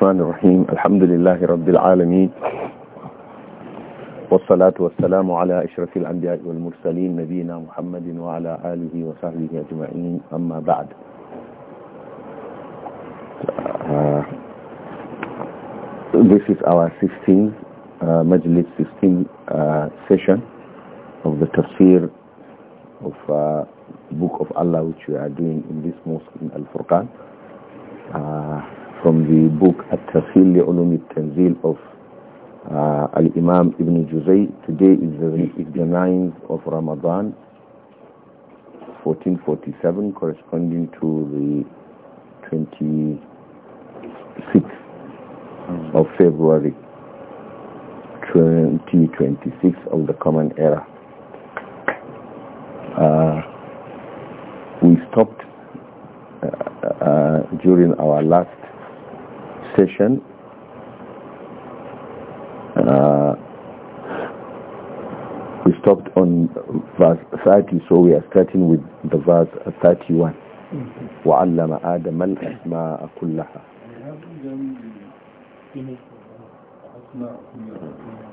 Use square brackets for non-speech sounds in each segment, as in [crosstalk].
الرحمن الرحيم الحمد لله رب العالمين والصلاة والسلام على إشرف الأنبياء والمرسلين نبينا محمد وعلى آله وصحبه أجمعين أما بعد uh, This is our 16th uh, Majlis 16 uh, session of the tafsir of uh, book of Allah which we are doing in this mosque in Al-Furqan uh, from the book At-Tafsil Li'ulum Tanzil of uh, Al-Imam Ibn Juzay. Today is the, is the 9th of Ramadan, 1447, corresponding to the 26th of February, 2026 of the Common Era. Uh, we stopped uh, uh during our last session uh, we stopped on verse 30 so we are starting with the verse 31 mm-hmm. وعلم آدم الأسماء كلها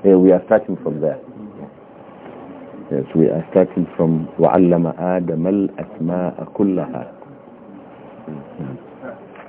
we are starting from there yes we are starting from وعلم آدم الأسماء كلها mm-hmm.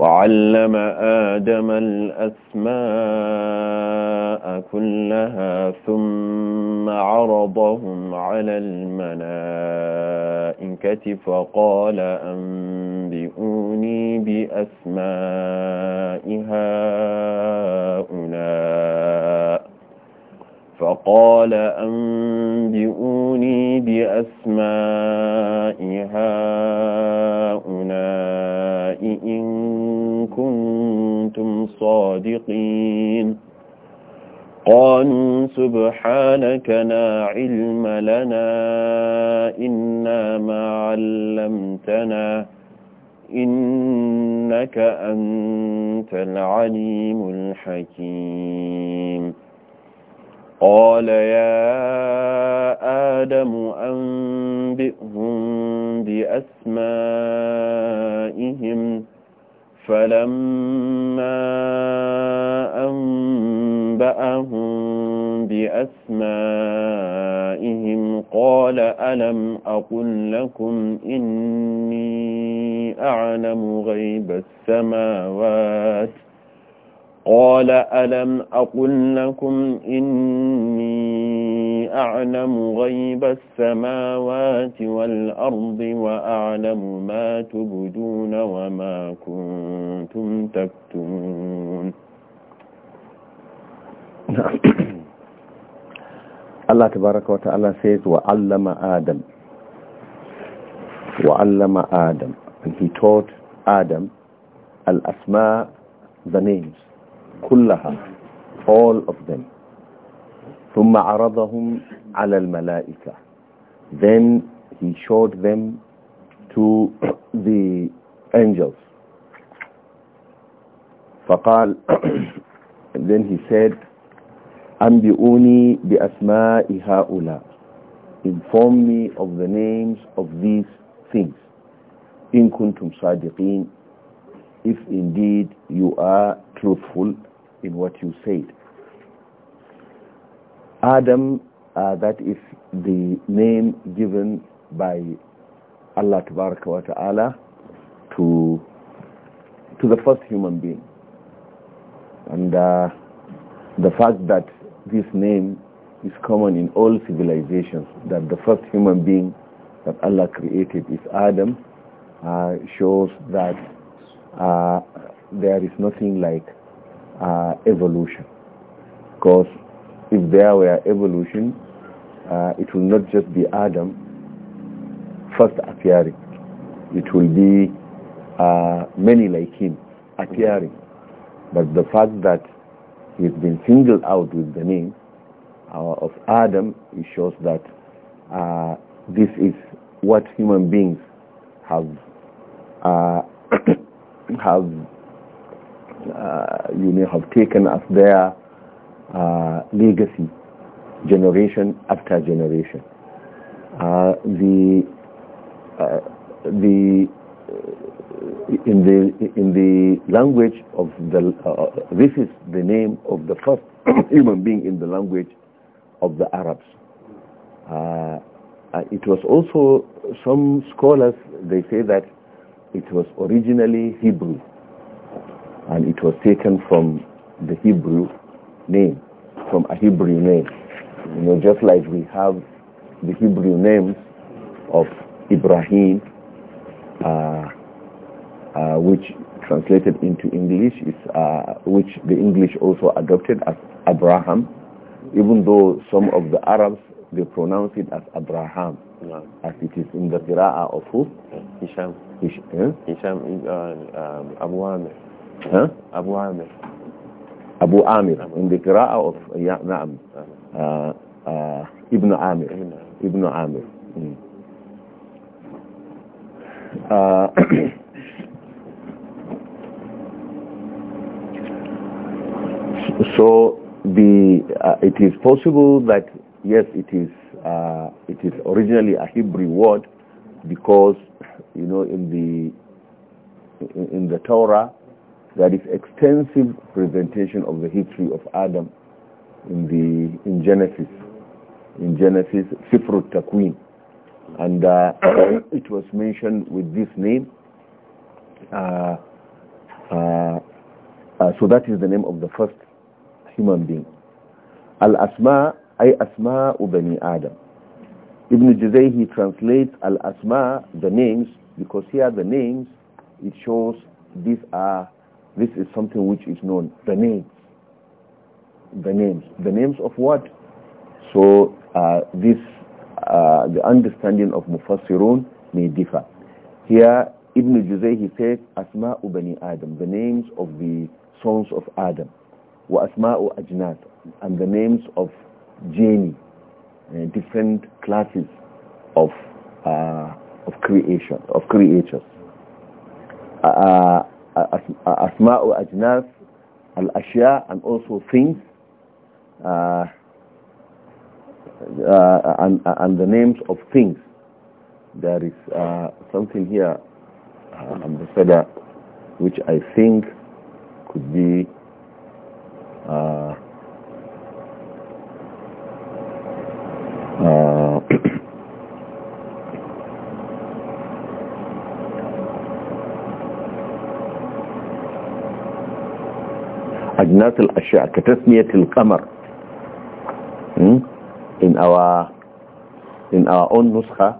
وعلم آدم الأسماء كلها ثم عرضهم على الملائكة فقال أنبئوني بأسماء هؤلاء فقال أنبئوني بأسماء هؤلاء إن كنتم صادقين قالوا سبحانك لا علم لنا إنا ما علمتنا إنك أنت العليم الحكيم قال يا آدم أنبئهم بأسمائهم فلما أنبأهم بأسمائهم قال ألم أقل لكم إني أعلم غيب السماوات قال ألم أقل لكم إني أعلم غيب السماوات والأرض وأعلم ما تبدون وما كنتم تكتمون [coughs] الله تبارك وتعالى says وعلم آدم وعلم آدم and he taught Adam الأسماء the names كلها all of them ثم عرضهم على الملائكة then he showed them to the angels فقال and [coughs] then he said أنبئوني بأسماء هؤلاء inform me of the names of these things إن كنتم صادقين if indeed you are truthful in what you said. Adam, uh, that is the name given by Allah wa ta'ala to, to the first human being. And uh, the fact that this name is common in all civilizations, that the first human being that Allah created is Adam, uh, shows that uh, there is nothing like uh, evolution. Because if there were evolution, uh, it will not just be Adam first appearing. It will be uh, many like him appearing. But the fact that he's been singled out with the name uh, of Adam, it shows that uh, this is what human beings have uh, [coughs] have uh, you may have taken as their uh, legacy generation after generation. Uh, the the in the in the language of the uh, this is the name of the first [coughs] human being in the language of the Arabs. Uh, it was also some scholars they say that it was originally Hebrew, and it was taken from the Hebrew name, from a Hebrew name. You know, just like we have the Hebrew names of Ibrahim, uh, uh, which translated into English is uh, which the English also adopted as Abraham, even though some of the Arabs they pronounce it as Abraham, yeah. as it is in the Qira'ah of who? Hisham. Hisham, eh? Hisham uh, um, Abu Amir huh? Abu Amir Abu Amir in the Qira'ah of yeah, Na'am uh, uh, Ibn Amir Ibn Amir hmm. uh, [coughs] so the uh, it is possible that yes it is uh, it is originally a Hebrew word because you know in the in the Torah that is extensive presentation of the history of Adam in the in Genesis, in Genesis Sifrut Takwin, and uh, [coughs] it was mentioned with this name. Uh, uh, uh, so that is the name of the first human being. Al Asma, ay Asma ubani Adam. Ibn Juzay he translates Al Asma the names because here the names it shows these are this is something which is known. The names. The names. The names of what? So uh, this, uh, the understanding of Mufassirun may differ. Here, Ibn Juzay, he says, Asma'u Bani Adam, the names of the sons of Adam. Wa Asma'u Ajnat, and the names of jinni uh, different classes of, uh, of creation, of creatures. Uh, uh, asma'u ajnas al and also things uh, uh, and, uh, and the names of things there is uh, something here ambassador uh, which I think could be uh, uh الناس الأشياء كتسمية القمر hmm? in our in our own نسخة,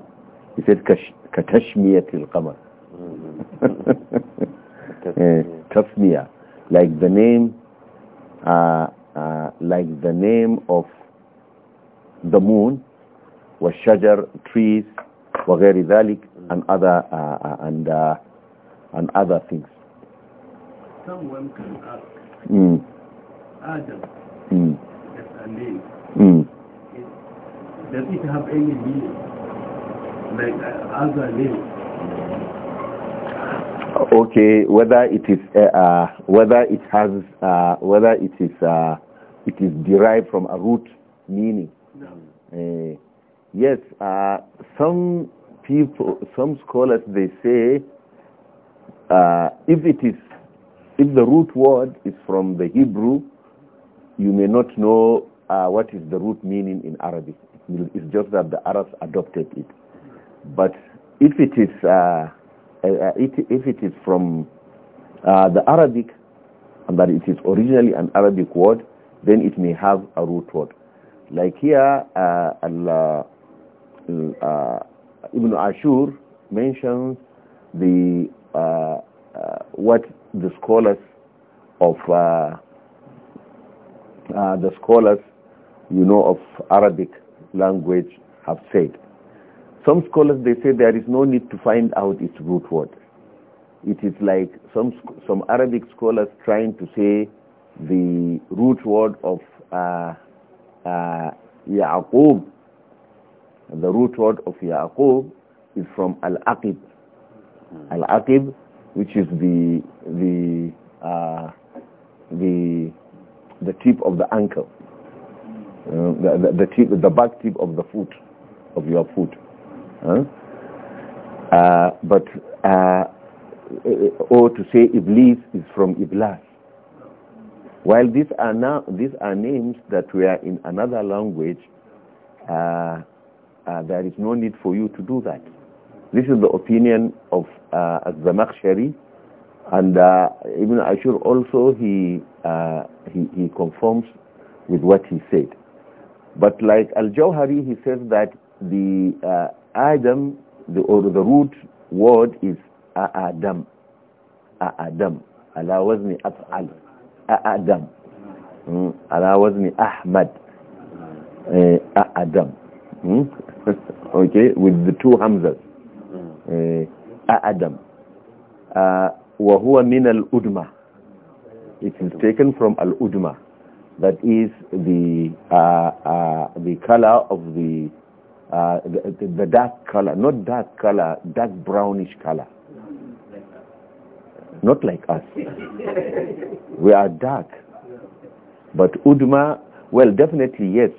it said كتشمية القمر [laughs] تسمية like the name uh, uh, like the name of the moon والشجر trees وغير ذلك and other uh, uh and uh, and other things someone can ask Hmm. Adam hmm. that's a name. It, hmm. does it have any meaning? Like uh, other name? Okay, whether it is uh, uh, whether it has uh, whether it is uh, it is derived from a root meaning. No. Uh, yes, some people, some scholars, they say if it is if the root word is from the Hebrew, you may not know uh, what is the root meaning in Arabic. It's just that the Arabs adopted it. But if it is, uh, uh, uh if it is from uh, the Arabic, and that it is originally an Arabic word, then it may have a root word. Like here, uh, Allah, Ibn Ashur mentions the what the scholars of uh, uh, the scholars you know of Arabic language have said. Some scholars they say there is no need to find out its root word. It is like some some Arabic scholars trying to say the root word of uh, uh Yaqub. The root word of Yaqub is from Al-Aqib. Al-Aqib which is the the uh, the the tip of the ankle, uh, the, the, the tip, the back tip of the foot, of your foot. Huh? Uh, but uh, or to say iblis is from iblas. While these are now these are names that were in another language, uh, uh, there is no need for you to do that. This is the opinion of uh, Az-Zamakhshari and uh, Ibn Ashur also he, uh, he, he conforms with what he said. But like Al-Jawhari he says that the uh, Adam the, or the root word is Adam. Adam. Ala wazni af'al. Adam. Mm. Ala wazni Ahmad. Eh, Adam. Hmm? [laughs] okay, with the two Hamzas. Uh, adam uh, wa min al-udma it is taken from al-udma that is the uh, the color of the uh, the, the, dark color, not dark color, dark brownish color. Not like us. [laughs] we are dark. But Udma, well, definitely yes.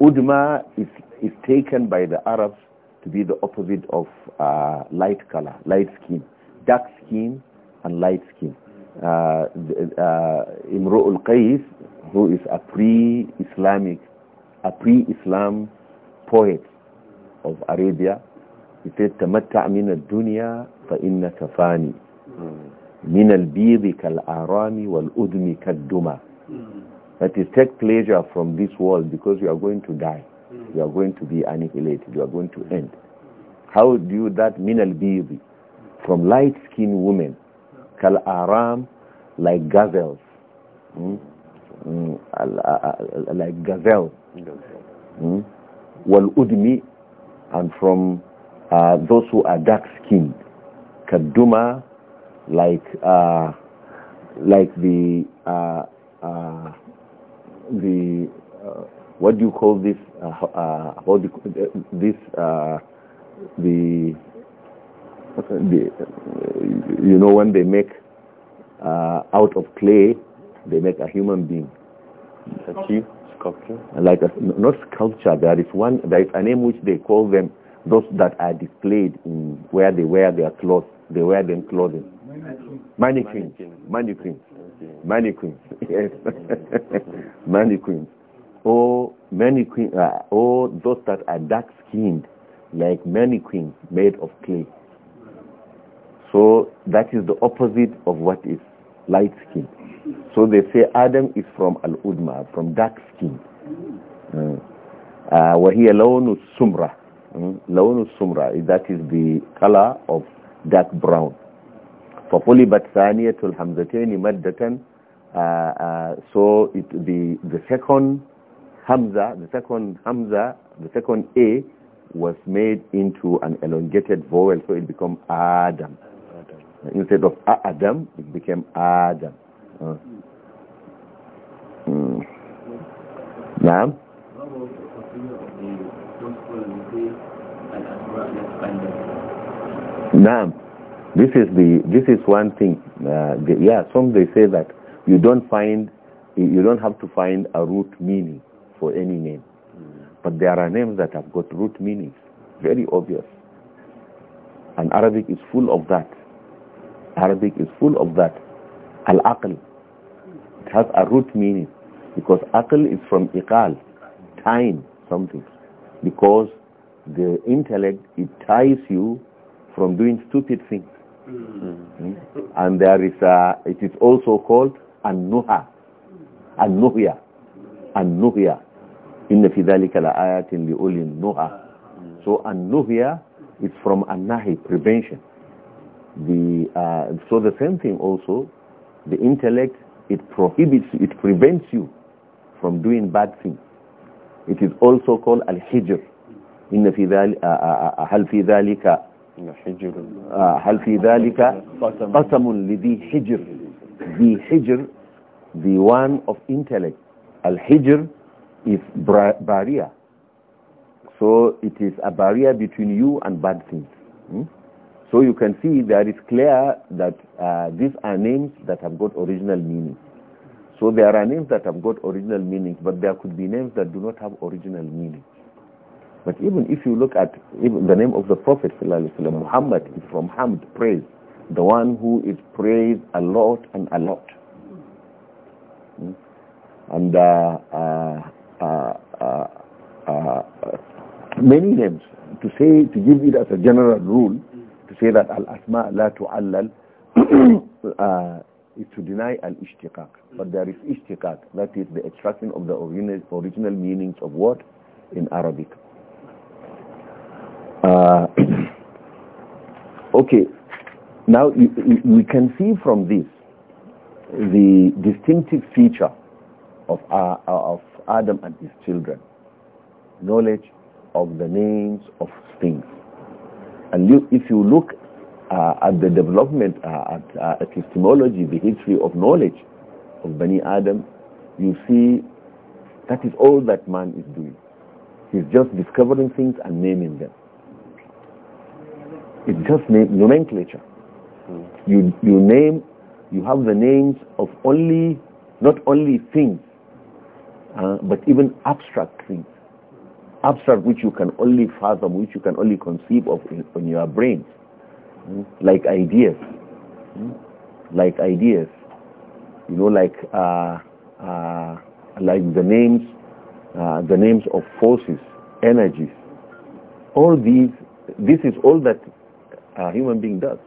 Udma is, is taken by the Arabs to be the opposite of uh, light color, light skin, dark skin and light skin. Uh, uh Imru al-Qais, who is a pre-Islamic, a pre-Islam poet of Arabia, he said, تمتع من الدنيا فإنك فاني من البيض كالآرام والأدم Duma." That is, take pleasure from this world because you are going to die you are going to be annihilated, you are going to end. How do you that min -bibi? From light-skinned women, kal aram, like gazelles, mm? like gazelle, mm? wal udmi, and from uh, those who are dark-skinned, kaduma, like uh, like the uh, uh the uh, what do you call this uh, uh what do you, uh, this uh, the the you know when they make out of clay they make a human being statue sculpture like a, not sculpture there is one there is a name which they call them those that are displayed in where they wear their clothes they wear them clothing mannequins mannequins mannequins [laughs] yes [laughs] mannequins or oh, many queens, uh, or those that are dark-skinned, like many queens made of clay. So that is the opposite of what is light skin. So they say Adam is from al-udma, from dark skin. Uh, uh, وهي لون السمرة hmm? لون السمرة that is the color of dark brown. For ثانية الحمزتين مدة uh, uh, so it, the, the second Hamza, the second Hamza, the second A was made into an elongated vowel, so it became Adam. Adam. Instead of Adam, it became Adam. Uh. Mm. Now? Now, this is the this is one thing. Uh, the, yeah, some they say that you don't find you don't have to find a root meaning for any name. But there are names that have got root meanings, very obvious. And Arabic is full of that. Arabic is full of that. Al-Aql. It has a root meaning because Aql is from Iqal, time, something. Because the intellect, it ties you from doing stupid things. Mm. And there is a, it is also called An-Nuha, An-Nuhya, An-Nuhya inna fi dhalika laayatin liulil nuha so an-nuhya is from an prevention the uh, so the same thing also the intellect it prohibits it prevents you from doing bad things it is also called al-hijr inna fi dhalika hal fi dhalika hal fi dhalika qasamun lidhi hijr the hijr the one of intellect al-hijr is barrier. So it is a barrier between you and bad things. Hmm? So you can see that it's clear that uh, these are names that have got original meaning. So there are names that have got original meanings, but there could be names that do not have original meaning. But even if you look at even the name of the Prophet Muhammad is from Hamd, praise, the one who is praised a lot and a lot. Hmm? And uh, uh, uh, uh, uh, many names to say to give it as a general rule to say that al asma la tu'allal [coughs] is to deny al ishtiqaq but there is ishtiqaq that is the extraction of the original, original meanings of what in arabic uh, [coughs] okay now we can see from this the distinctive feature of, uh, of Adam and his children knowledge of the names of things. And you, if you look uh, at the development, uh, at uh, epistemology, the history of knowledge of Bani Adam, you see that is all that man is doing. He's just discovering things and naming them. It's just name, nomenclature. Hmm. You, you name, you have the names of only, not only things, uh, but even abstract things, abstract which you can only fathom, which you can only conceive of in, in your brain, mm? like ideas, mm? like ideas, you know, like uh, uh, like the names, uh, the names of forces, energies, all these. This is all that a human being does,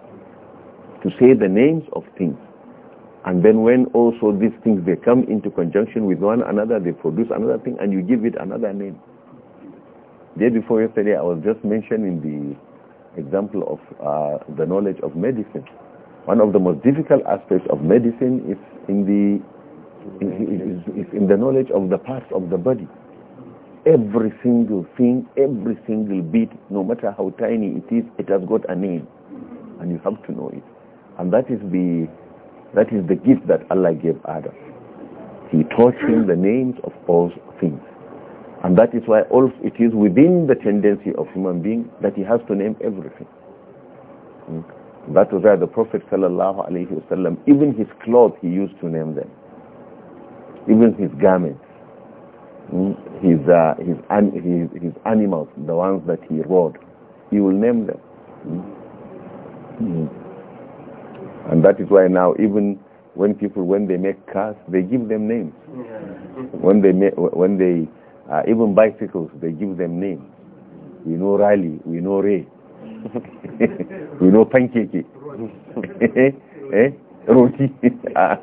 to say the names of things. And then when also these things, they come into conjunction with one another, they produce another thing, and you give it another name. Day before yesterday, I was just mentioning the example of uh, the knowledge of medicine. One of the most difficult aspects of medicine is in the is, is, is in the knowledge of the parts of the body. Every single thing, every single bit, no matter how tiny it is, it has got a name, and you have to know it. And that is the that is the gift that Allah gave Adam. He taught him the names of all things. And that is why also it is within the tendency of human being that he has to name everything. Hmm? that was why the Prophet sallallahu alaihi wasallam, even his clothes he used to name them. Even his garments, hmm? his, uh, his, his, his animals, the ones that he rode, he will name them. Mm -hmm. hmm. And that is why now even when people, when they make cars, they give them names. When they, make, when they uh, even bicycles, they give them names. We know Riley, we know Ray, [laughs] we know Pancake, [laughs] eh? Roti. [laughs] Ah,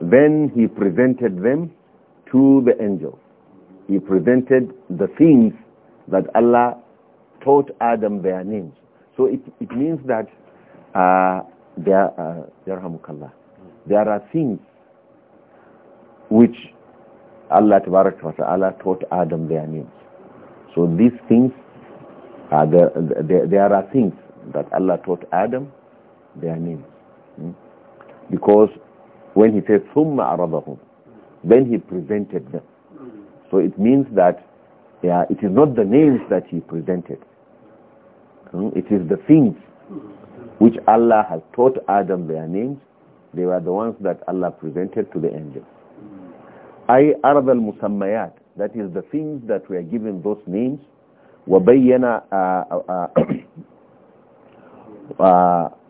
then he presented them to the angels. He presented the things that Allah taught Adam their names. So it, it means that uh, there, uh, there are things which Allah Ta'ala taught Adam their names. So these things, are there, there, there are things that Allah taught Adam their names. Hmm? Because when he says, ثُمَّ أَرَضَهُمْ Then he presented them. So it means that yeah, it is not the names that he presented, Hmm? It is the things which Allah has taught Adam their names. They were the ones that Allah presented to the angels. I al Musammayat, that is the things that were given those names وبين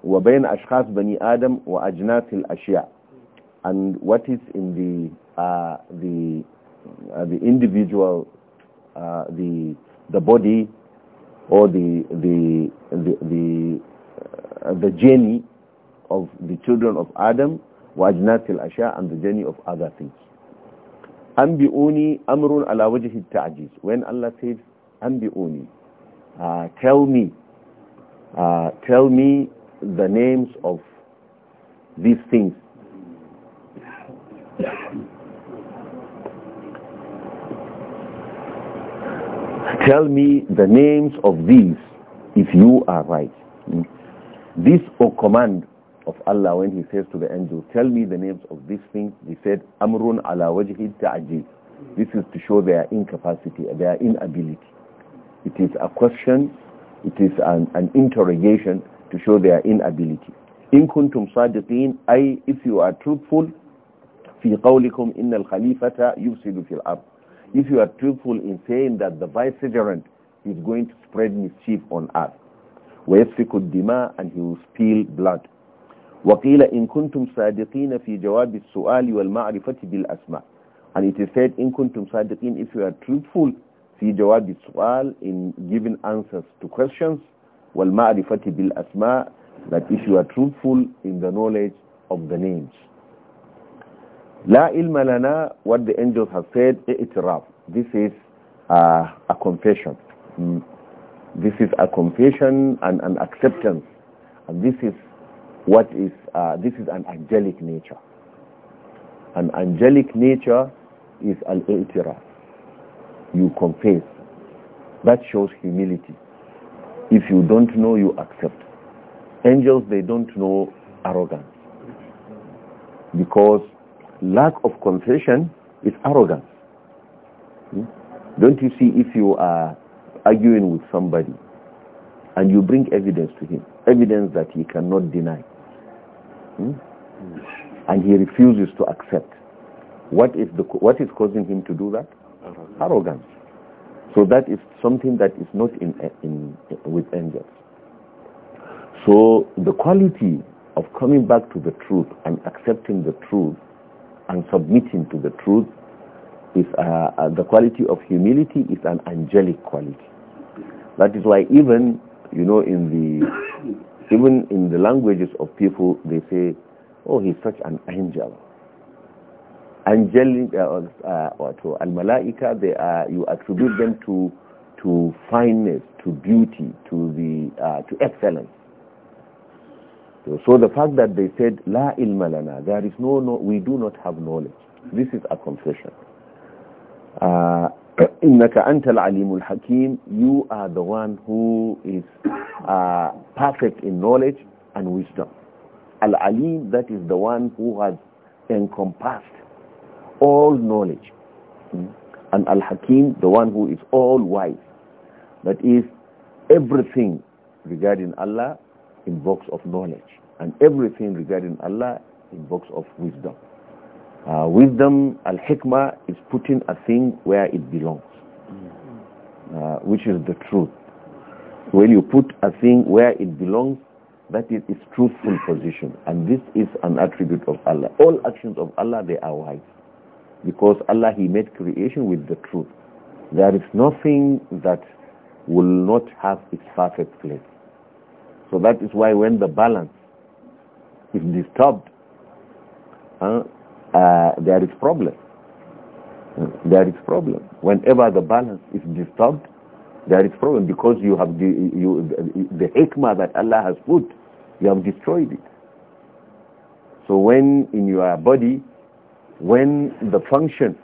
وبين أشخاص بني آدم وأجناس الأشياء and what is in the uh, the uh, the individual uh, the the body or the the the the, uh, the journey of the children of Adam wajnatil asha and the journey of other things Ambiuni amrun ala wajhi ta'jiz when Allah says Ambiuni, uh, tell me uh, tell me the names of these things Tell me the names of these if you are right. Hmm? This O command of Allah when he says to the angel, tell me the names of these things, he said, Amrun ala wajhi ta'ajib. This is to show their incapacity, their inability. It is a question, it is an, an interrogation to show their inability. In kuntum sadiqin, I, if you are truthful, fi qawlikum innal khalifata yufsidu fil ard if you are truthful in saying that the vicegerent is going to spread mischief on us ويسفك الدماء and he will spill blood وقيل إن كنتم صادقين في جواب السؤال والمعرفة بالأسماء and it is said إن كنتم صادقين if you are truthful في جواب السؤال in giving answers to questions والمعرفة بالأسماء that if you are truthful in the knowledge of the names La ilma lana, what the angels have said, rough. This is uh, a confession. Mm. This is a confession and an acceptance. And this is what is, uh, this is an angelic nature. An angelic nature is al-i'tiraf. You confess. That shows humility. If you don't know, you accept. Angels, they don't know arrogance. Because lack of confession is arrogance. Hmm? Don't you see if you are arguing with somebody and you bring evidence to him, evidence that he cannot deny, hmm? and he refuses to accept, what is, the, what is causing him to do that? Arrogance. arrogance. So that is something that is not in, in, in with angels. So the quality of coming back to the truth and accepting the truth and submitting to the truth is uh, uh, the quality of humility is an angelic quality. That is why even you know in the even in the languages of people they say, oh he's such an angel. Angelic uh, uh, or to uh, al malaika they are you attribute them to to fineness, to beauty, to the uh, to excellence. So the fact that they said, La ilma lana, there is no, no, we do not have knowledge. This is a confession. Uh, [clears throat] innaka anta al-alimul hakim, you are the one who is uh, perfect in knowledge and wisdom. Al-alim, that is the one who has encompassed all knowledge. Hmm? And al-hakim, the one who is all wise. That is, everything regarding Allah invokes of knowledge, and everything regarding Allah invokes of wisdom. Uh, wisdom, al-hikmah, is putting a thing where it belongs, uh, which is the truth. When you put a thing where it belongs, that is its truthful position. And this is an attribute of Allah. All actions of Allah, they are wise. Because Allah, He made creation with the truth. There is nothing that will not have its perfect place. So that is why when the balance is disturbed, uh, uh, there is problem. Uh, there is problem. Whenever the balance is disturbed, there is problem because you have the, you, the, the hikmah that Allah has put, you have destroyed it. So when in your body, when the function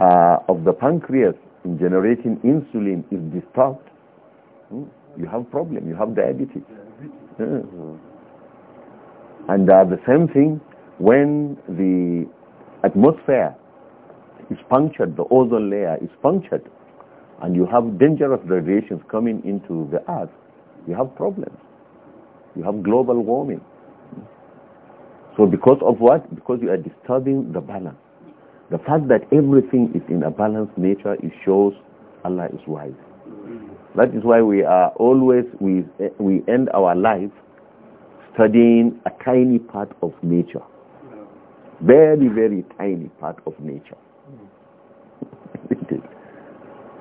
uh, of the pancreas in generating insulin is disturbed, hmm, you have problem, you have diabetes. Yeah. And uh, the same thing when the atmosphere is punctured, the ozone layer is punctured, and you have dangerous radiations coming into the earth, you have problems. You have global warming. So because of what? Because you are disturbing the balance. The fact that everything is in a balanced nature, it shows Allah is wise. That is why we are always, we, we end our life studying a tiny part of nature. Very, very tiny part of nature. [laughs]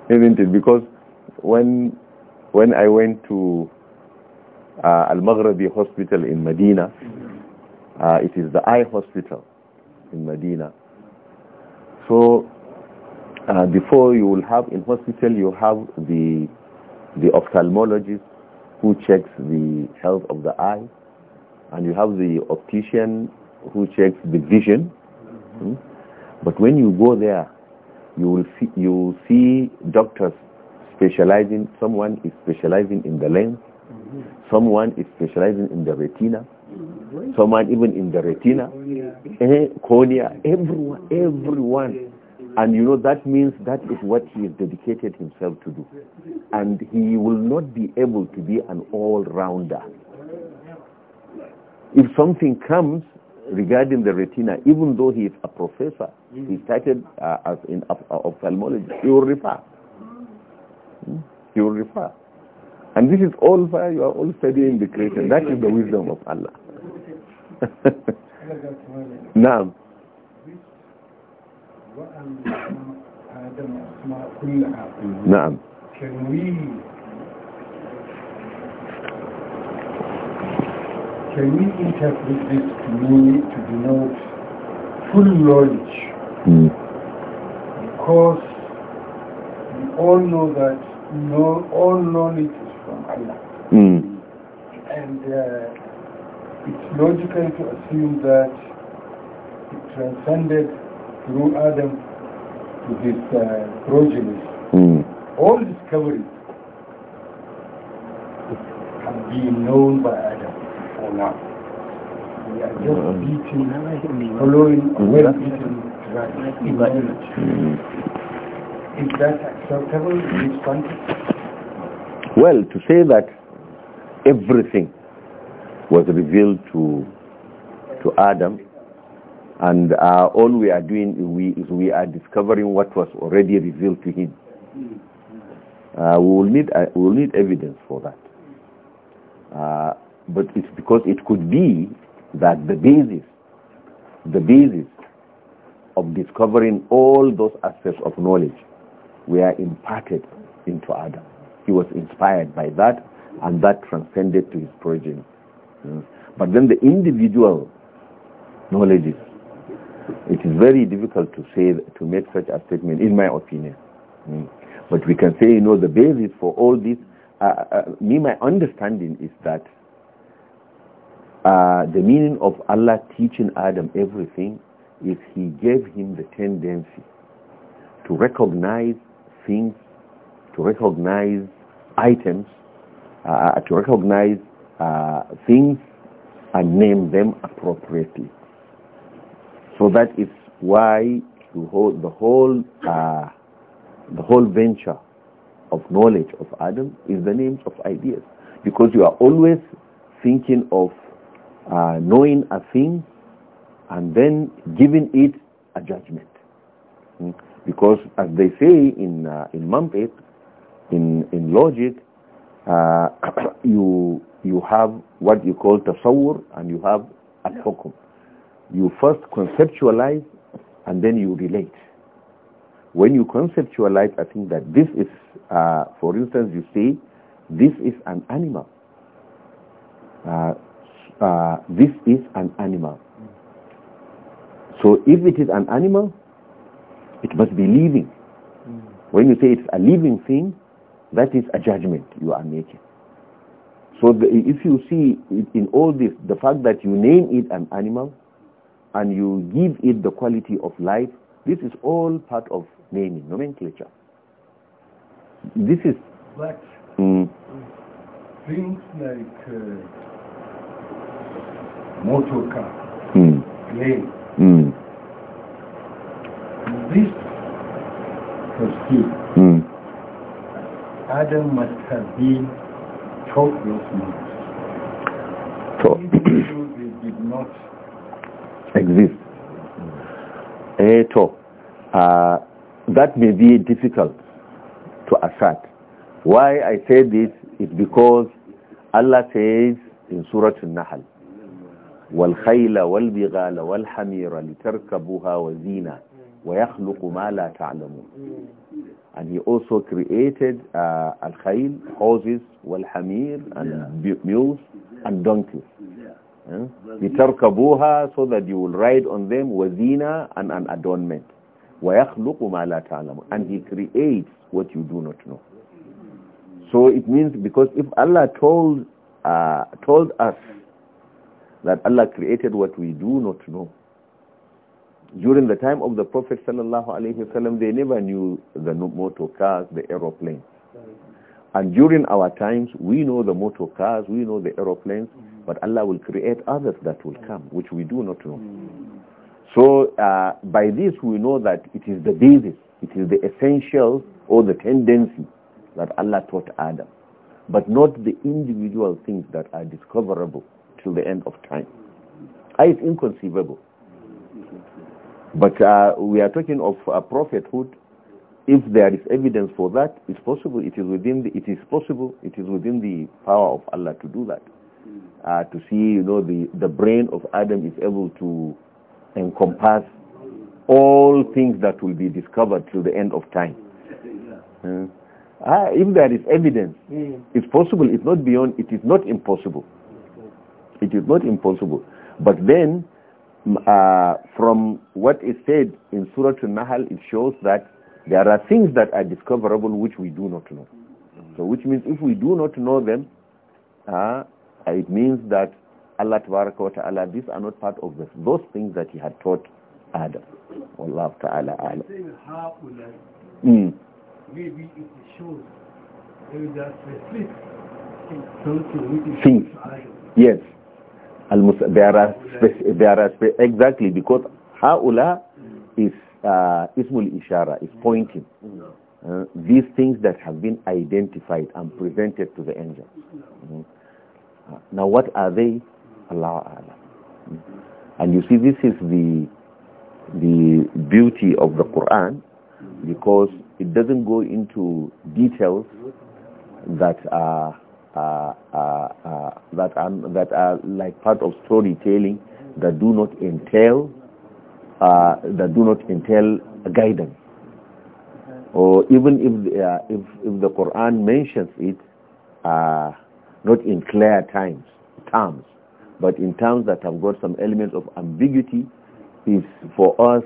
Isn't it? Because when, when I went to uh, Al-Maghrabi Hospital in Medina, uh, it is the eye hospital in Medina. So uh, before you will have in hospital you have the the ophthalmologist who checks the health of the eye, and you have the optician who checks the vision. Mm -hmm. But when you go there, you will see, you see doctors specializing. Someone is specializing in the lens. Mm -hmm. Someone is specializing in the retina. Someone even in the retina, cornea. Eh, cornea. Everyone, everyone and you know, that means that is what he has dedicated himself to do. And he will not be able to be an all-rounder. If something comes regarding the retina, even though he is a professor, he started uh, as in ophthalmology, he will refer. Hmm? He will refer. And this is all why you are all studying the creation. That is the wisdom of Allah. [laughs] now, نعم تنويه Can we interpret this to mean to denote full knowledge? Mm. Because we all know that no, all knowledge is from Allah. Mm. And uh, it's logical to assume that it transcended through Adam to his uh, progeny, mm. all discoveries have been known by Adam or not. We are just mm. following a well-beaten hmm. track knowledge. Mm. Is that acceptable in this context? Well, to say that everything was revealed to to Adam and uh, all we are doing we, is we are discovering what was already revealed to him. Uh, we, will need, uh, we will need evidence for that. Uh, but it's because it could be that the basis, the basis of discovering all those aspects of knowledge were imparted into Adam. He was inspired by that and that transcended to his progeny. Mm. But then the individual knowledges it is very difficult to say to make such a statement, in my opinion. Mm. But we can say, you know, the basis for all this. Uh, uh, me, my understanding is that uh, the meaning of Allah teaching Adam everything is He gave him the tendency to recognize things, to recognize items, uh, uh, to recognize uh, things and name them appropriately. So that is why the whole the whole, uh, the whole venture of knowledge of Adam is the names of ideas because you are always thinking of uh, knowing a thing and then giving it a judgment. Hmm? Because as they say in uh, in Mumpet, in in logic, uh, [coughs] you you have what you call tasawwur and you have al-hukm. You first conceptualize and then you relate. When you conceptualize, I think that this is, uh, for instance, you say, this is an animal. Uh, uh, this is an animal. So if it is an animal, it must be living. When you say it's a living thing, that is a judgment you are making. So the, if you see in all this, the fact that you name it an animal, and you give it the quality of life, this is all part of naming, nomenclature. This is... But mm. things like uh, motor car, mm. plane, mm. this pursuit, mm. Adam must have been taught those So. Even though they did not exist eh, uh, that may be difficult to assert why i say this is because allah says in surah an-nahl والخيل والبغال والحمير لِتَرْكَبُهَا وزينة ويخلق ما لا تعلمون and he also created uh, al-khayl horses wal-hamir and mules and donkeys litarkabuha so that you will ride on them wazina and an adornment وَيَخْلُقُ مَا لَا تَعْلَمُ And he creates what you do not know. So it means because if Allah told, uh, told us that Allah created what we do not know, during the time of the Prophet wasallam, they never knew the motor cars, the aeroplanes. And during our times, we know the motor cars, we know the aeroplanes, but Allah will create others that will come, which we do not know. Hmm. So uh, by this we know that it is the basis, it is the essential or the tendency that Allah taught Adam, but not the individual things that are discoverable till the end of time. Ah, it's inconceivable. But uh, we are talking of a uh, prophethood. If there is evidence for that, it's possible. It is within. The, it is possible. It is within the power of Allah to do that uh, to see you know the the brain of Adam is able to encompass all things that will be discovered till the end of time. Uh, uh, if there is evidence, hmm. it's possible. It's not beyond. It is not impossible. It is not impossible. But then, uh, from what is said in Surah An-Nahl, it shows that there are things that are discoverable which we do not know. So, which means if we do not know them, uh, uh, it means that Allah Ta'ala, these are not part of this, those things that he had taught Adam. Allah Ta'ala A'lam. Mm. Maybe it shows there is a specific Yes. There are, there are exactly because haula is uh, ismul ishara is pointing uh, these things that have been identified and presented to the angels. Mm now what are they? Allah Allah. And you see this is the the beauty of the Quran because it doesn't go into details that are uh, uh, uh, that are that are like part of storytelling that do not entail uh, that do not entail guidance or even if uh, if if the Quran mentions it uh, not in clear times, terms, but in terms that have got some elements of ambiguity, is for us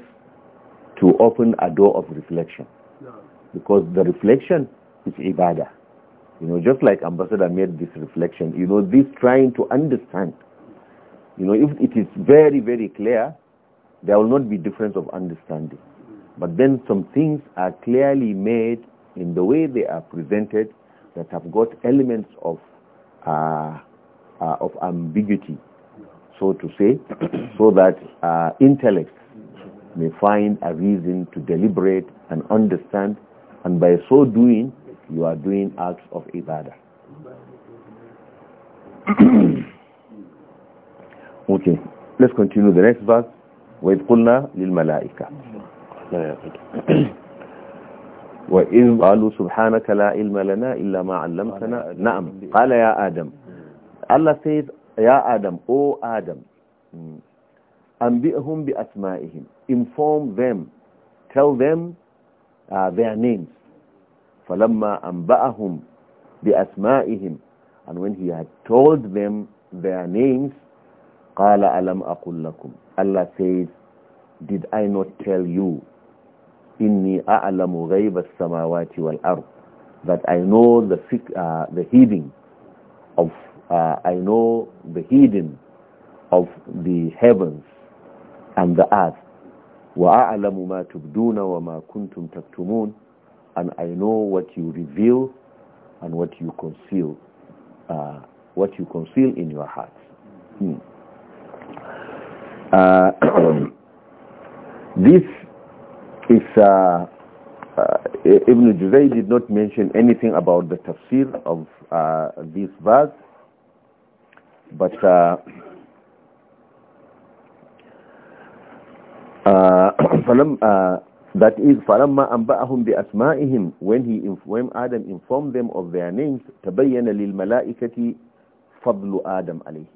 to open a door of reflection. Because the reflection is ibadah. You know, just like Ambassador made this reflection, you know, this trying to understand. You know, if it is very, very clear, there will not be difference of understanding. But then some things are clearly made in the way they are presented that have got elements of uh, uh, of ambiguity, so to say, [clears throat] so that uh, intellect may find a reason to deliberate and understand, and by so doing, you are doing acts of ibadah. [clears throat] okay, let's continue the next verse. وَإِذْ قُلْنَا لِلْمَلَائِكَةِ [clears throat] وإذ قالوا سبحانك لا علم لنا إلا ما علمتنا نعم قال يا آدم الله سيد يا آدم أو آدم أنبئهم بأسمائهم inform them tell them uh, their names فلما أنبأهم بأسمائهم and when he had told them their names قال ألم أقل لكم Allah says did I not tell you inni a'lamu ghaiba samawati wal ard that I know the uh, the hidden of uh, I know the hidden of the heavens and the earth ma tubduna wa ma kuntum taktumun, and I know what you reveal and what you conceal uh, what you conceal in your hearts hmm. uh, [coughs] this if uh, uh, Ibn Juzay did not mention anything about the tafsir of uh, this verse, but uh, uh, [coughs] uh, that is فَلَمَّا أَنْبَأَهُمْ بِأَسْمَائِهِمْ when, he, when Adam informed them of their names تَبَيَّنَ لِلْمَلَائِكَةِ فَضْلُ آدَمْ عَلَيْهِ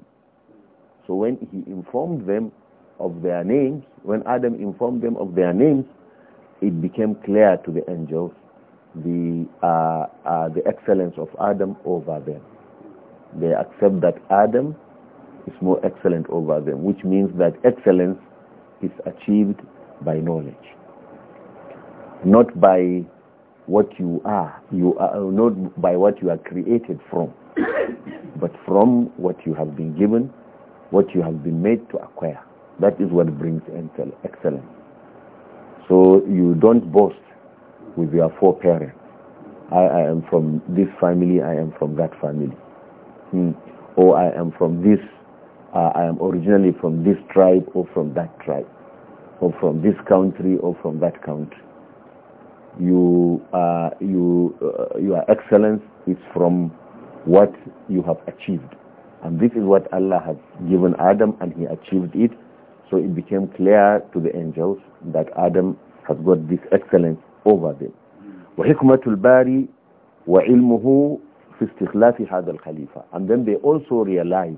So when he informed them of their names, when Adam informed them of their names, it became clear to the angels the, uh, uh, the excellence of Adam over them. They accept that Adam is more excellent over them, which means that excellence is achieved by knowledge, not by what you are, you are not by what you are created from, [coughs] but from what you have been given, what you have been made to acquire. That is what brings excellence. So you don't boast with your foreparents. I, I am from this family, I am from that family. Hmm. Or I am from this, uh, I am originally from this tribe or from that tribe. Or from this country or from that country. You, uh, you, uh, your excellence is from what you have achieved. And this is what Allah has given Adam and he achieved it so it became clear to the angels that Adam has got this excellence over them. وحكمة الباري وعلمه في استخلاف هذا الخليفة. And then they also realize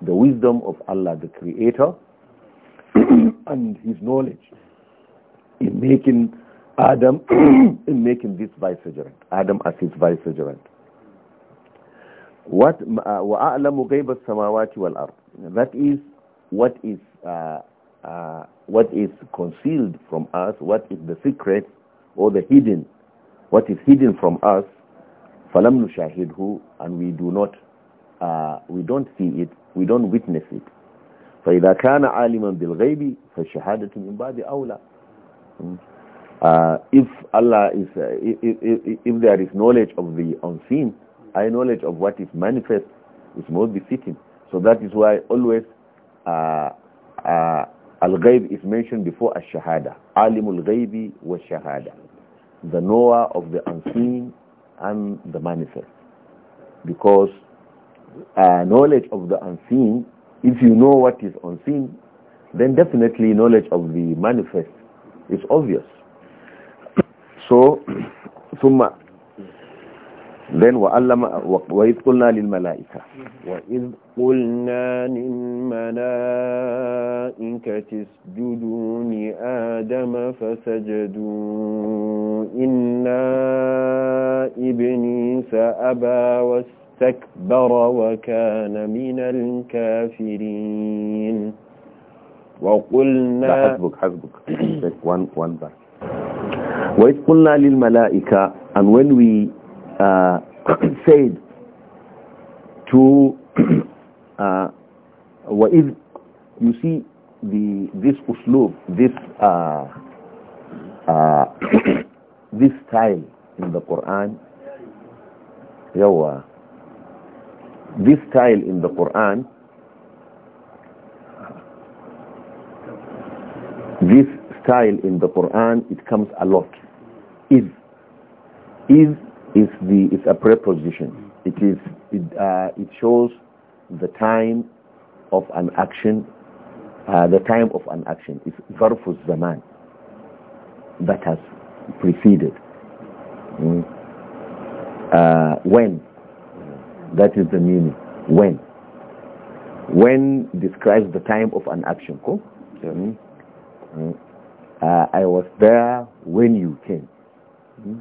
the wisdom of Allah, the Creator, [clears throat] and His knowledge in making Adam, [clears throat] in making this vicegerent, Adam as his vicegerent. What uh, وَأَعْلَمُ غَيْبَ السَّمَاوَاتِ وَالْأَرْضِ That is what is uh, uh, what is concealed from us, what is the secret or the hidden, what is hidden from us, falam nushahidhu, and we do not, uh, we don't see it, we don't witness it. فإذا كان عالما بالغيب من بعد أولى hmm. uh, if Allah is, uh, if, if, if, there is knowledge of the unseen, I knowledge of what is manifest is more befitting. So that is why always uh, uh Al-Ghaib is mentioned before Ash-Shahada. Alimul Ghaibi was Shahada. The knower of the unseen and the manifest. Because uh, knowledge of the unseen, if you know what is unseen, then definitely knowledge of the manifest is obvious. So, ثم [clears throat] then وَأَلَّمَ وَإِذْ قُلْنَا لِلْمَلَائِكَةِ وَإِذْ قُلْنَا لِلْمَلَائِكَةِ اسْجُدُوا لِآدَمَ فَسَجَدُوا إِلَّا إِبْلِيسَ أَبَى وَاسْتَكْبَرَ وَكَانَ مِنَ الْكَافِرِينَ وَقُلْنَا حسبك حسبك one one وَإِذْ قُلْنَا لِلْمَلَائِكَةِ and when we uh, [clears throat] said to [clears throat] uh, you see the this uslub, this uh, uh, [clears throat] this style in the Quran, yawa, this style in the Quran, this style in the Quran, it comes a lot. Is is is the a preposition. It is it, uh, it shows the time of an action, uh, the time of an action. It's verfus zaman that has preceded. Mm. Uh, when that is the meaning. When when describes the time of an action. Cool? Mm. Hmm? Uh, I was there when you came. Hmm?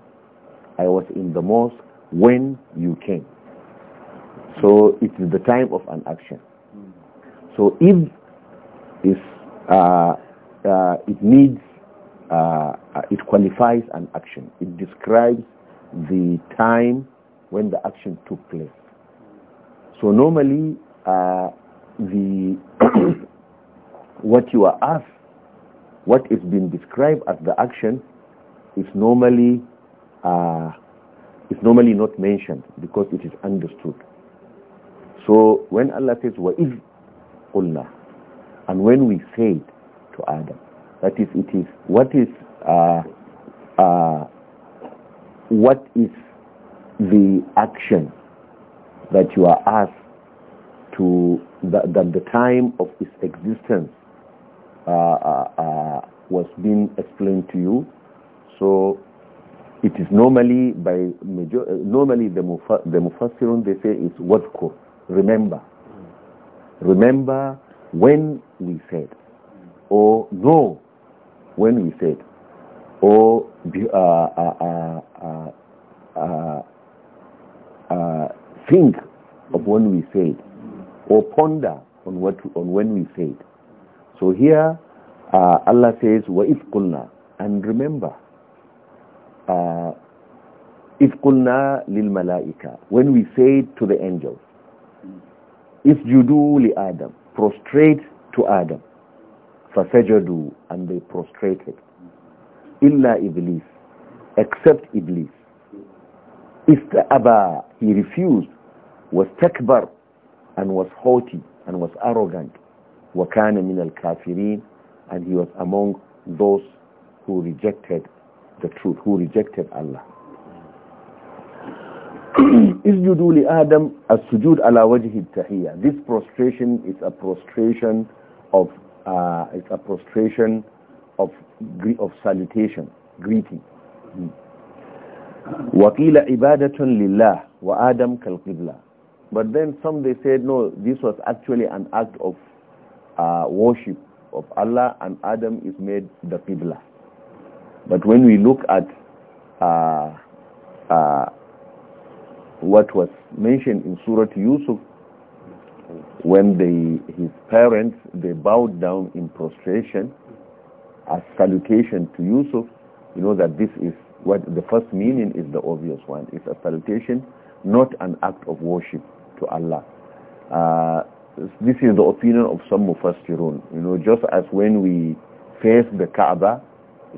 I was in the mosque when you came. So it is the time of an action. So if is, uh, uh, it needs, uh, uh it qualifies an action. It describes the time when the action took place. So normally, uh, the [coughs] what you are asked, what is being described as the action, is normally uh, is normally not mentioned because it is understood. So when Allah says, وَإِذْ قُلْنَا And when we said to Adam, that is, it is, what is, uh, uh, what is the action that you are asked to, that, that the time of its existence uh, uh, uh, was being explained to you. So it is normally by major, uh, normally the mufa, the mufassirun they say is wadkur, remember. Remember when we said, or know when we said, or uh, uh, uh, uh, think of when we said, or ponder on what on when we said. So here uh, Allah says, "Wa if and remember uh, if kunna lil malaika, When we said to the angels, If li adam, Prostrate to Adam. فَسَجَدُوا And they prostrated. Illa iblis, Except Iblis. abba He refused. Was takbar and was haughty and was arrogant. min al kafirin, And he was among those who rejected the truth, who rejected Allah. [clears throat] Isjudu li Adam as-sujud ala wajhi tahiyya. This prostration is a prostration of uh, it's a prostration of of salutation, greeting. Hmm. Waqila ibadatun lillah wa Adam kal qibla. But then some they said no, this was actually an act of uh, worship of Allah and Adam is made the qibla. But when we look at uh, uh, what was mentioned in Surah Yusuf, when they, his parents, they bowed down in prostration as salutation to Yusuf, you know that this is what the first meaning is the obvious one. It's a salutation, not an act of worship to Allah. Uh, this is the opinion of some Mufassirun. You know, just as when we face the Kaaba,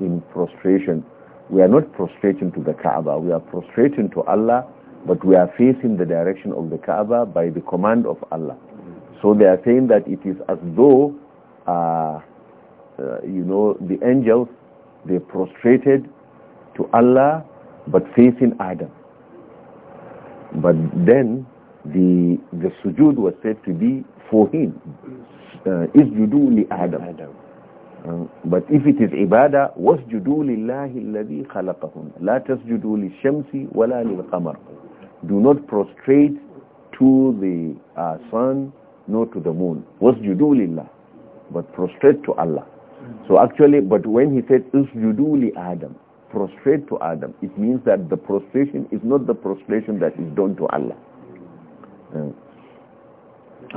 in prostration. We are not prostrating to the Kaaba, we are prostrating to Allah, but we are facing the direction of the Kaaba by the command of Allah. So they are saying that it is as though, uh, uh, you know, the angels, they prostrated to Allah, but facing Adam. But then the, the sujood was said to be for him. Uh, isjudu li Adam. Adam Mm. but if it is ibadah wasjudu lillahi alladhi khalaqahun la tasjudu lishamsi wala lilqamar do not prostrate to the uh, sun nor to the moon wasjudu lillah but prostrate to Allah so actually but when he said usjudu li adam prostrate to Adam it means that the prostration is not the prostration that is done to Allah mm.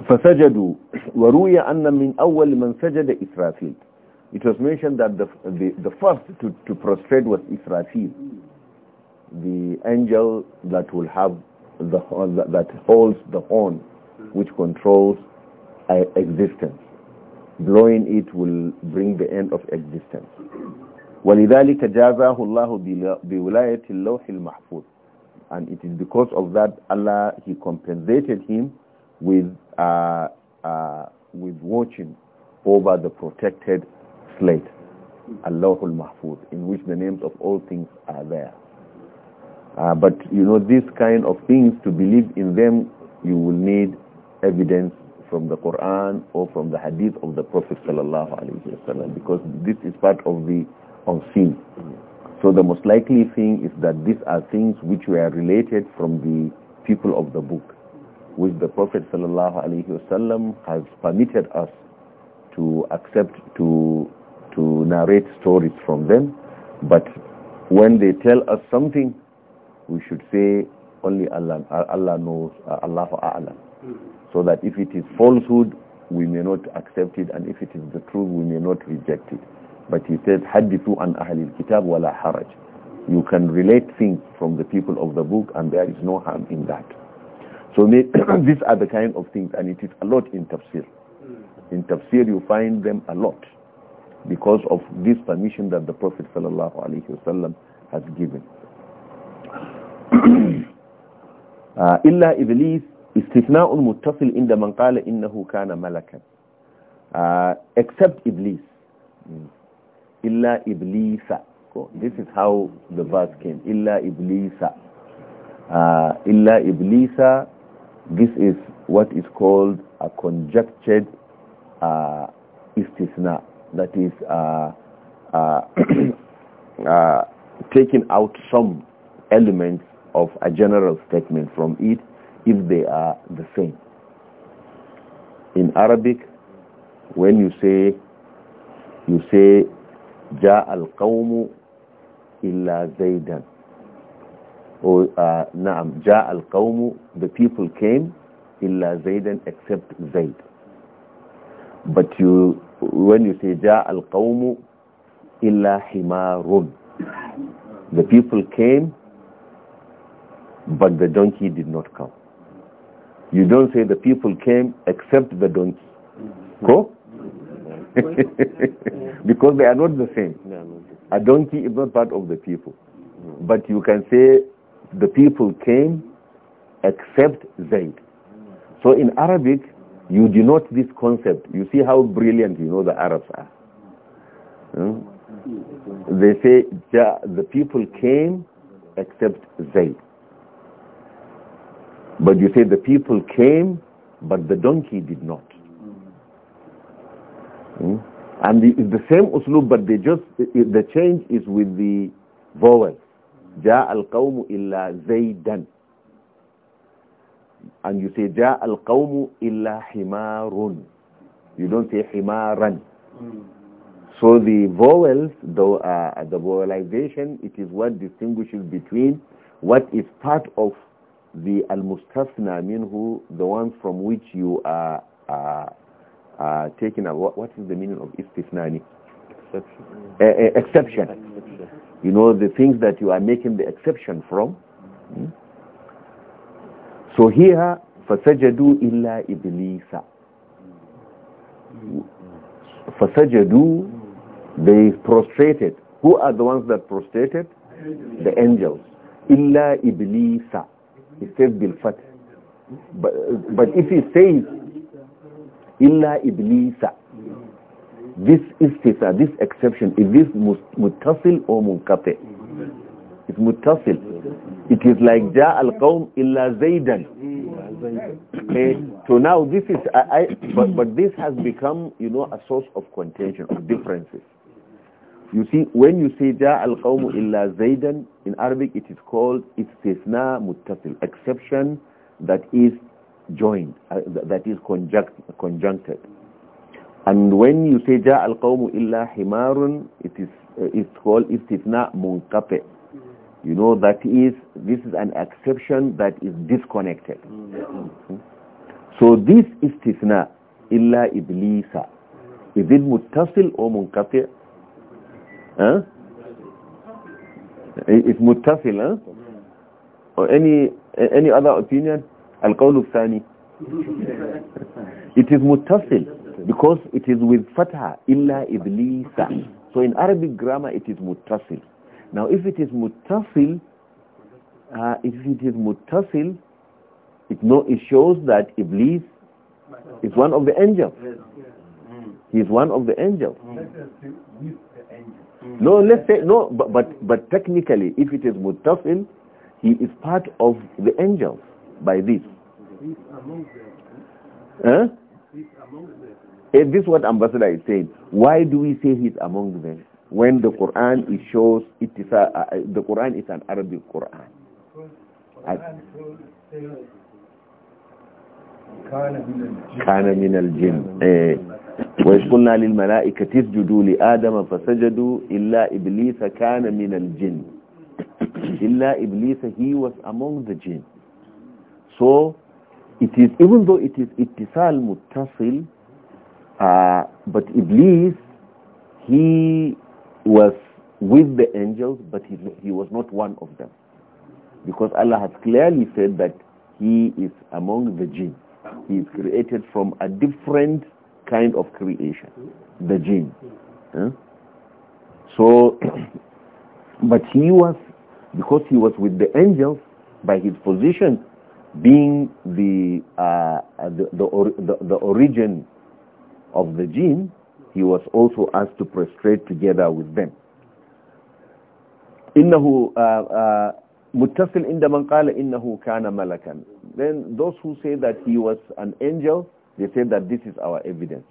فسجدوا وروي أن من أول من سجد إسرافيل it was mentioned that the, the, the first to, to prostrate was Israfil, the angel that will have the that holds the horn, which controls uh, existence. Blowing it will bring the end of existence. ولذلك جازاه الله بولاية اللوح المحفوظ and it is because of that Allah he compensated him with uh, uh, with watching over the protected slate, Allahul Mahfuz, in which the names of all things are there. Uh, but you know, these kind of things, to believe in them, you will need evidence from the Quran or from the Hadith of the Prophet sallallahu alaihi wasallam, because this is part of the unseen. So the most likely thing is that these are things which were related from the people of the book, which the Prophet sallallahu alaihi wasallam has permitted us to accept to to narrate stories from them. But when they tell us something, we should say only Allah, Allah knows, uh, Allah A'lam. Hmm. So that if it is falsehood, we may not accept it, and if it is the truth, we may not reject it. But he said, Hadithu an أَهْلِ kitab وَلَا haraj. You can relate things from the people of the book, and there is no harm in that. So [coughs] these are the kind of things, and it is a lot in tafsir. Hmm. In tafsir, you find them a lot because of this permission that the Prophet ﷺ has given. إلا إبليس استثناء متصل عند من قال إنه كان ملكا except Iblis إلا hmm. إبليس this is how the verse came إلا إبليس إلا إبليس this is what is called a conjectured uh, istithna that is uh, uh, [clears throat] uh, taking out some elements of a general statement from it if they are the same. In Arabic, when you say, you say, Ja al-qawmu illa zaydan. Oh, uh, Naam, Ja al-qawmu, the people came, illa zaydan except zayd. But you when you say ja al qawmu illa himarun the people came but the donkey did not come you don't say the people came except the donkey go [laughs] because they are not the same a donkey is not part of the people but you can say the people came except Zaid so in Arabic you denote this concept. You see how brilliant you know the Arabs are. Hmm? They say the people came except they. But you say the people came, but the donkey did not. Hmm? And the, the same uslub, but they just the change is with the vowel. جاء القوم illā Zaydān and you say ja al qawmu illa himarun you don't say himaran so the vowels though uh, the vowelization it is what distinguishes between what is part of the al-mustafna minhu the one from which you are uh, uh, a, what, what is the meaning of istifnani exception. exception you know the things that you are making the exception from mm. to hiya fasajadu illa iblisa fasajadu they prostrated who are the ones that prostrated the angels illa iblisa he said bil fat but, but if he says illa iblisa this istitha uh, this exception is this mutasil or munqati it's mutasil It is like ja al qawm illa zaydan. Okay, so now this is, I, I, but, but this has become, you know, a source of contention, of differences. You see, when you say ja al qawm illa zaydan in Arabic it is called istisna muttasil, exception that is joined, uh, that is conjunct, conjuncted. And when you say ja al qawm illa himarun, it is uh, it's called istisna munqati'. You know, that is, this is an exception that is disconnected. So this istithna, illa iblisa, is it muttasil or munqati? It's muttasil, huh? Or any, any other opinion? Al-qawlu thani. It is muttasil because it is with fatha, illa iblisa. So in Arabic grammar it is muttasil. Now if it is muttasil, uh, if it is muttasil, it, no, it shows that Iblis is one of the angels. He is one of the angels. Mm. Mm. No, let's say, no, but, but, but technically, if it is muttasil, he is part of the angels by this. Huh? Eh, this is what Ambassador is saying. Why do we say he's among them? when the Quran it shows it is a, uh, uh, the Quran is an Arabic Quran. كان من الجن وإذ قلنا للملائكة اسجدوا لآدم فسجدوا إلا إبليس كان من الجن إلا إبليس he was among the jinn so it is even though it is اتصال متصل uh, but Iblis he was with the angels, but he, he was not one of them. Because Allah has clearly said that he is among the jinn. He is created from a different kind of creation, the jinn. Huh? So, [clears throat] but he was, because he was with the angels, by his position, being the, uh, the, the, or, the, the origin of the jinn, he was also asked to prostrate together with them. إنه متصل man qala innahu kana malakan. Then those who say that he was an angel, they say that this is our evidence.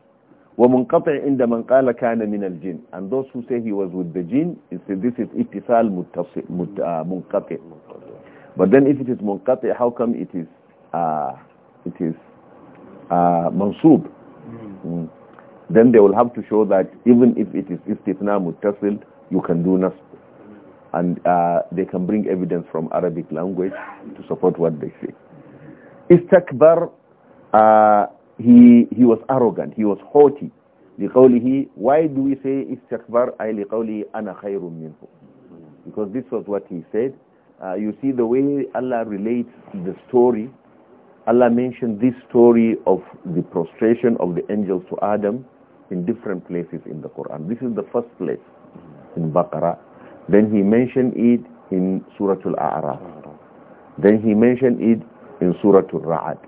Wa man qala kana min al jinn. And those who say he was with the jinn, say this is اتصال متصل منقطع. But then if it is منقطع, how come it is uh, it is uh, mansub? Mm then they will have to show that even if it is istithna muttasil, you can do nasb. And uh, they can bring evidence from Arabic language to support what they say. Istakbar, uh, he, he was arrogant, he was haughty. لقوله, why do we say istakbar? أي لقوله أنا خير منه. Because this was what he said. Uh, you see the way Allah relates the story Allah mentioned this story of the prostration of the angels to Adam in different places in the Quran. This is the first place in Baqarah. Then he mentioned it in Surah Al-A'raf. Then he mentioned it in Surah Al-Ra'ad.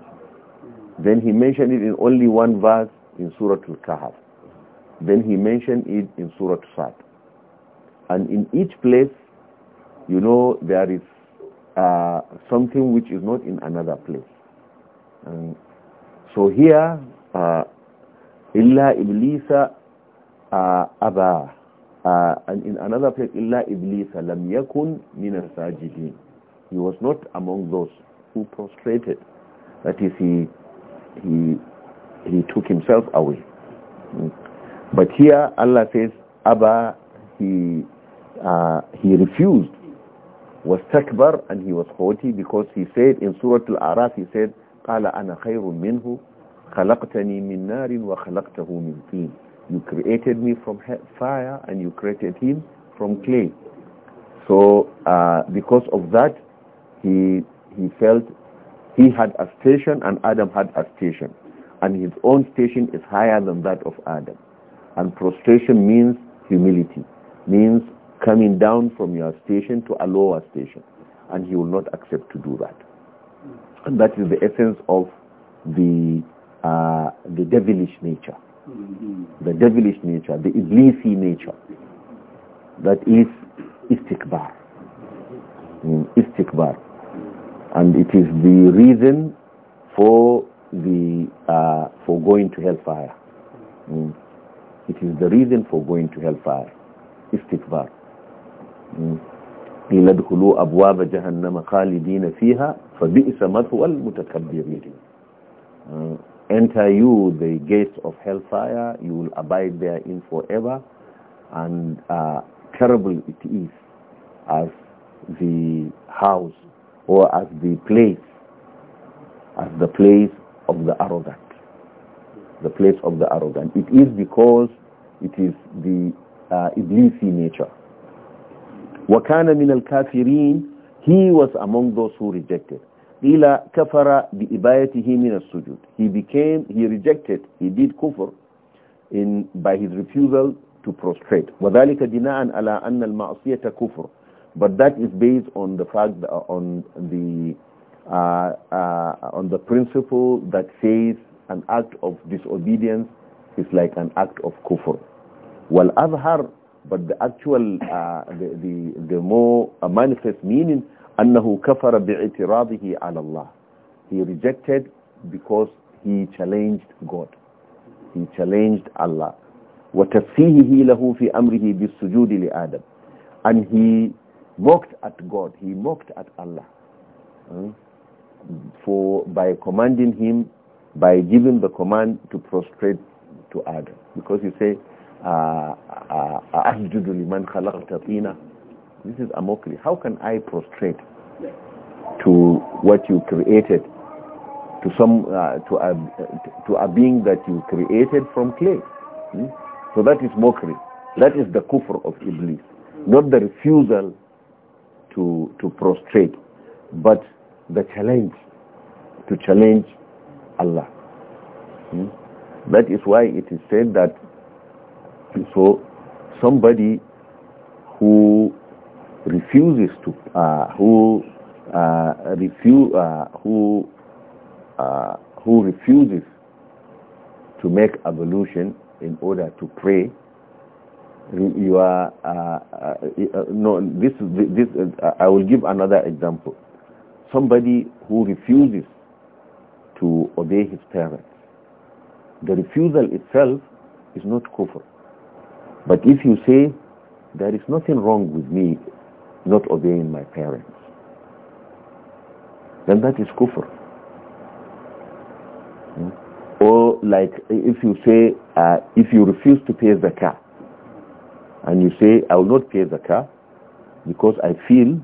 Then he mentioned it in only one verse in Surah Al-Kahf. Then he mentioned it in Surah Sad. And in each place, you know, there is uh, something which is not in another place. And so here, uh, إلا إبليس أبا in another place illa iblisa lam yakun min he was not among those who prostrated that is he he he took himself away hmm. but here Allah says أبا he uh, he refused was takbar and he was haughty because he said in Surah Al-Araf he said قال أنا خير منه خلقتني من نار وخلقته من طين you created me from fire and you created him from clay so uh, because of that he he felt he had a station and Adam had a station and his own station is higher than that of Adam and prostration means humility means coming down from your station to a lower station and he will not accept to do that and that is the essence of the uh, the devilish nature, mm-hmm. the devilish nature, the iblisi nature. That is istikbar. Mm, istikbar. And it is the reason for the uh, for going to hellfire. Mm. It is the reason for going to hellfire. Istikbar. Mm. قيل ادخلوا أبواب جهنم خالدين فيها فبئس مثوى المتكبرين mm enter you the gates of hellfire. You will abide therein forever. And uh, terrible it is as the house or as the place, as the place of the arrogant. The place of the arrogant. It is because it is the uh, Iblisi nature. وَكَانَ مِنَ الْكَافِرِينَ He was among those who rejected. Ila kafara bi ibayatihi min as-sujud he became he rejected he did kufr in by his refusal to prostrate but that is based on the fact that, on the uh, uh, on the principle that says an act of disobedience is like an act of kufr wal azhar but the actual uh, the, the the more uh, manifest meaning أنه كفر باعتراضه على الله he rejected because he challenged God he challenged Allah وتفيهه له في أمره بالسجود لآدم and he mocked at God he mocked at Allah hmm? for by commanding him by giving the command to prostrate to Adam because you say أسجد لمن خلقت طينا This is a mockery. How can I prostrate to what you created, to some uh, to a to a being that you created from clay. Hmm? So that is mockery. That is the kufr of Iblis, not the refusal to to prostrate, but the challenge to challenge Allah. Hmm? That is why it is said that so somebody who refuses to uh, who uh, refu uh, who uh, who refuses to make ablution in order to pray you are uh, uh, uh, no this this I will give another example somebody who refuses to obey his parents the refusal itself is not kufr but if you say there is nothing wrong with me not obeying my parents, then that is kufr. Hmm? Or like if you say, uh, if you refuse to pay the car, and you say, I will not pay the car because I feel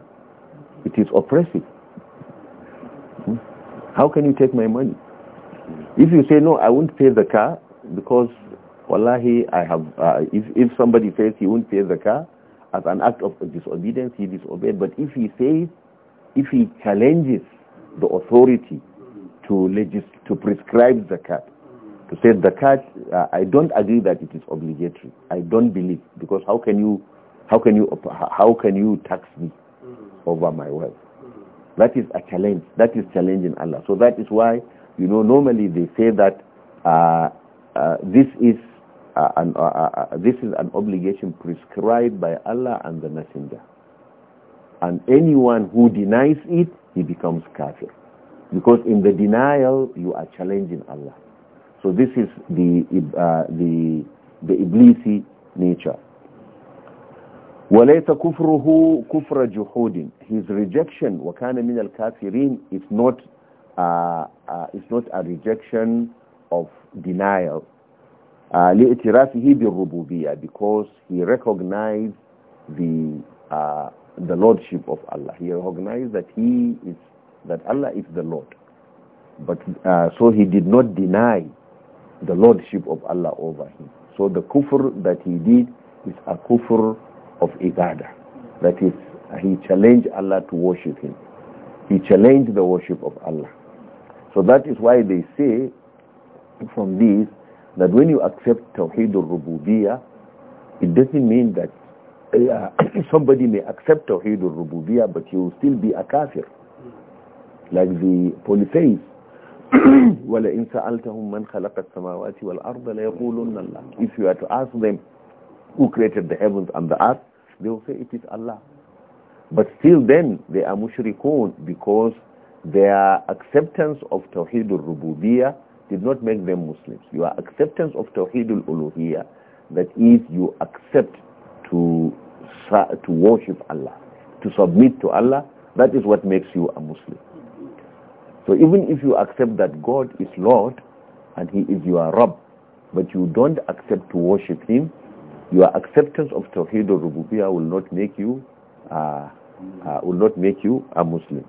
it is oppressive. Hmm? How can you take my money? If you say, no, I won't pay the car because wallahi, I have, uh, if, if somebody says he won't pay the car as an act of disobedience, he disobeyed. But if he says, if he challenges the authority to, legis to prescribe zakat, to say zakat, uh, I don't agree that it is obligatory. I don't believe because how can you, how can you, how can you tax me over my wealth? That is a challenge. That is challenging Allah. So that is why, you know, normally they say that uh, uh, this is uh, an, uh, uh, uh, this is an obligation prescribed by Allah and the Messenger. And anyone who denies it, he becomes kafir. Because in the denial, you are challenging Allah. So this is the, uh, the, the Iblisi nature. وليس كفره كفر جحود his rejection وكان من الكافرين is not uh, uh, is not a rejection of denial لِئِتِرَافِهِ uh, بِالرُّبُوبِيَّةِ because he recognized the uh, the lordship of Allah. He recognized that he is that Allah is the Lord. But uh, so he did not deny the lordship of Allah over him. So the kufr that he did is a kufr of ibadah. That is, he challenged Allah to worship him. He challenged the worship of Allah. So that is why they say from this that when you accept Tawheed al-Rububiyyah, it doesn't mean that uh, [clears throat] somebody may accept Tawheed al-Rububiyyah, but you will still be a kafir. Like the polytheists. وَلَئِنْ سَأَلْتَهُمْ مَنْ خَلَقَ السَّمَاوَاتِ وَالْأَرْضَ لَيَقُولُنَّ اللَّهِ If you are to ask them who created the heavens and the earth, they will say it is Allah. But still then, they are mushrikun because their acceptance of Tawheed al-Rububiyyah did not make them Muslims. Your acceptance of Tawheedul Uluhiyya, that is, you accept to, to worship Allah, to submit to Allah, that is what makes you a Muslim. So even if you accept that God is Lord and He is your Rabb, but you don't accept to worship Him, your acceptance of Tawheed al will not make you uh, uh, will not make you a Muslim.